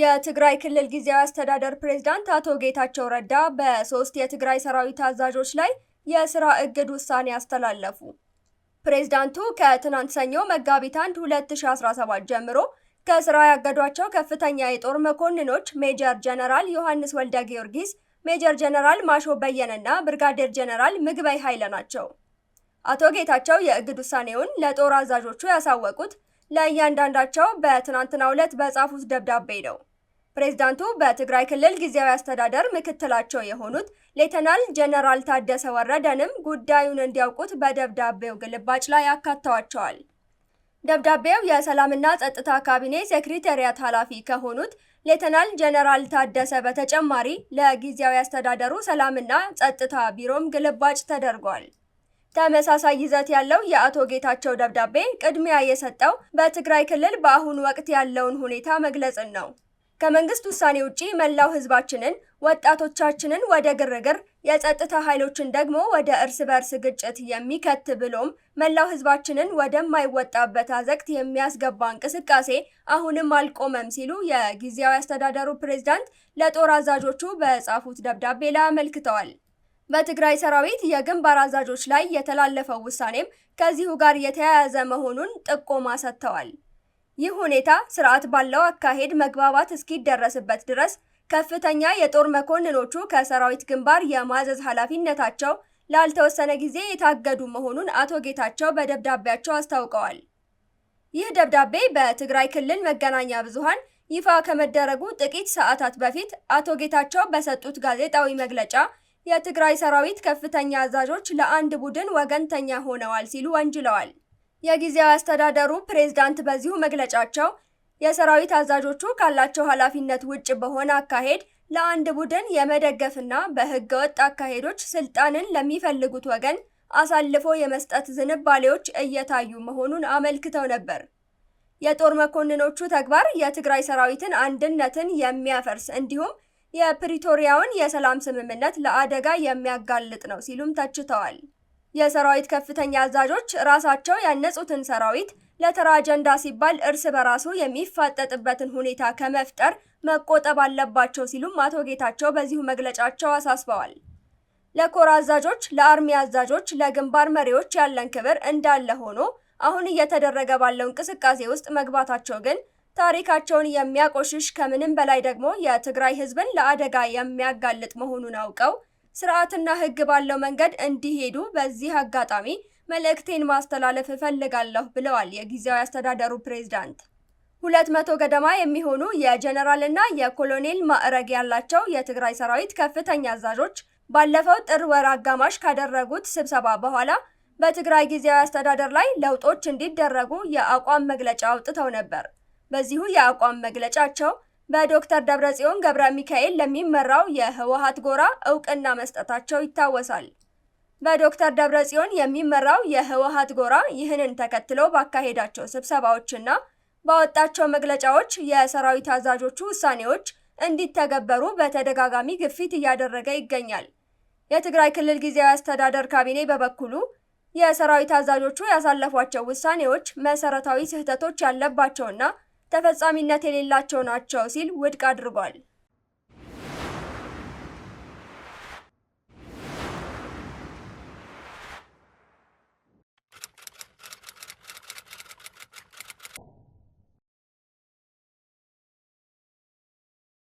የትግራይ ክልል ጊዜያዊ አስተዳደር ፕሬዝዳንት አቶ ጌታቸው ረዳ በሶስት የትግራይ ሰራዊት አዛዦች ላይ የስራ እግድ ውሳኔ አስተላለፉ። ፕሬዝዳንቱ ከትናንት ሰኞ መጋቢት 1 2017 ጀምሮ ከስራ ያገዷቸው ከፍተኛ የጦር መኮንኖች ሜጀር ጀነራል ዮሐንስ ወልደ ጊዮርጊስ፣ ሜጀር ጀነራል ማሾ በየነና ብርጋዴር ጀነራል ምግበይ ኃይለ ናቸው። አቶ ጌታቸው የእግድ ውሳኔውን ለጦር አዛዦቹ ያሳወቁት ለእያንዳንዳቸው በትናንትናው ዕለት በጻፉት ደብዳቤ ነው። ፕሬዝዳንቱ በትግራይ ክልል ጊዜያዊ አስተዳደር ምክትላቸው የሆኑት ሌተናል ጀነራል ታደሰ ወረደንም ጉዳዩን እንዲያውቁት በደብዳቤው ግልባጭ ላይ አካተዋቸዋል። ደብዳቤው የሰላምና ጸጥታ ካቢኔ ሴክሬታሪያት ኃላፊ ከሆኑት ሌተናል ጀነራል ታደሰ በተጨማሪ ለጊዜያዊ አስተዳደሩ ሰላምና ጸጥታ ቢሮም ግልባጭ ተደርጓል። ተመሳሳይ ይዘት ያለው የአቶ ጌታቸው ደብዳቤ ቅድሚያ የሰጠው በትግራይ ክልል በአሁኑ ወቅት ያለውን ሁኔታ መግለጽን ነው። ከመንግስት ውሳኔ ውጪ መላው ህዝባችንን፣ ወጣቶቻችንን ወደ ግርግር፣ የጸጥታ ኃይሎችን ደግሞ ወደ እርስ በርስ ግጭት የሚከት ብሎም መላው ህዝባችንን ወደማይወጣበት አዘቅት የሚያስገባ እንቅስቃሴ አሁንም አልቆመም ሲሉ የጊዜያዊ አስተዳደሩ ፕሬዝዳንት ለጦር አዛዦቹ በጻፉት ደብዳቤ ላይ አመልክተዋል። በትግራይ ሰራዊት የግንባር አዛዦች ላይ የተላለፈው ውሳኔም ከዚሁ ጋር የተያያዘ መሆኑን ጥቆማ ሰጥተዋል። ይህ ሁኔታ ስርዓት ባለው አካሄድ መግባባት እስኪደረስበት ድረስ ከፍተኛ የጦር መኮንኖቹ ከሰራዊት ግንባር የማዘዝ ኃላፊነታቸው ላልተወሰነ ጊዜ የታገዱ መሆኑን አቶ ጌታቸው በደብዳቤያቸው አስታውቀዋል። ይህ ደብዳቤ በትግራይ ክልል መገናኛ ብዙኃን ይፋ ከመደረጉ ጥቂት ሰዓታት በፊት አቶ ጌታቸው በሰጡት ጋዜጣዊ መግለጫ የትግራይ ሰራዊት ከፍተኛ አዛዦች ለአንድ ቡድን ወገንተኛ ሆነዋል ሲሉ ወንጅለዋል። የጊዜያዊ አስተዳደሩ ፕሬዝዳንት በዚሁ መግለጫቸው የሰራዊት አዛዦቹ ካላቸው ኃላፊነት ውጭ በሆነ አካሄድ ለአንድ ቡድን የመደገፍና በህገ ወጥ አካሄዶች ስልጣንን ለሚፈልጉት ወገን አሳልፎ የመስጠት ዝንባሌዎች እየታዩ መሆኑን አመልክተው ነበር። የጦር መኮንኖቹ ተግባር የትግራይ ሰራዊትን አንድነትን የሚያፈርስ እንዲሁም የፕሪቶሪያውን የሰላም ስምምነት ለአደጋ የሚያጋልጥ ነው ሲሉም ተችተዋል። የሰራዊት ከፍተኛ አዛዦች ራሳቸው ያነጹትን ሰራዊት ለተራ አጀንዳ ሲባል እርስ በራሱ የሚፋጠጥበትን ሁኔታ ከመፍጠር መቆጠብ አለባቸው ሲሉም አቶ ጌታቸው በዚሁ መግለጫቸው አሳስበዋል። ለኮር አዛዦች፣ ለአርሚ አዛዦች፣ ለግንባር መሪዎች ያለን ክብር እንዳለ ሆኖ አሁን እየተደረገ ባለው እንቅስቃሴ ውስጥ መግባታቸው ግን ታሪካቸውን የሚያቆሽሽ ከምንም በላይ ደግሞ የትግራይ ህዝብን ለአደጋ የሚያጋልጥ መሆኑን አውቀው ስርዓትና ህግ ባለው መንገድ እንዲሄዱ በዚህ አጋጣሚ መልእክቴን ማስተላለፍ እፈልጋለሁ ብለዋል የጊዜያዊ አስተዳደሩ ፕሬዝዳንት። ሁለት መቶ ገደማ የሚሆኑ የጀነራልና የኮሎኔል ማዕረግ ያላቸው የትግራይ ሰራዊት ከፍተኛ አዛዦች ባለፈው ጥር ወር አጋማሽ ካደረጉት ስብሰባ በኋላ በትግራይ ጊዜያዊ አስተዳደር ላይ ለውጦች እንዲደረጉ የአቋም መግለጫ አውጥተው ነበር። በዚሁ የአቋም መግለጫቸው በዶክተር ደብረጽዮን ገብረ ሚካኤል ለሚመራው የህወሀት ጎራ እውቅና መስጠታቸው ይታወሳል። በዶክተር ደብረጽዮን የሚመራው የህወሀት ጎራ ይህንን ተከትሎ ባካሄዳቸው ስብሰባዎችና ባወጣቸው መግለጫዎች የሰራዊት አዛዦቹ ውሳኔዎች እንዲተገበሩ በተደጋጋሚ ግፊት እያደረገ ይገኛል። የትግራይ ክልል ጊዜያዊ አስተዳደር ካቢኔ በበኩሉ የሰራዊት አዛዦቹ ያሳለፏቸው ውሳኔዎች መሰረታዊ ስህተቶች ያለባቸውና ተፈጻሚነት የሌላቸው ናቸው ሲል ውድቅ አድርጓል።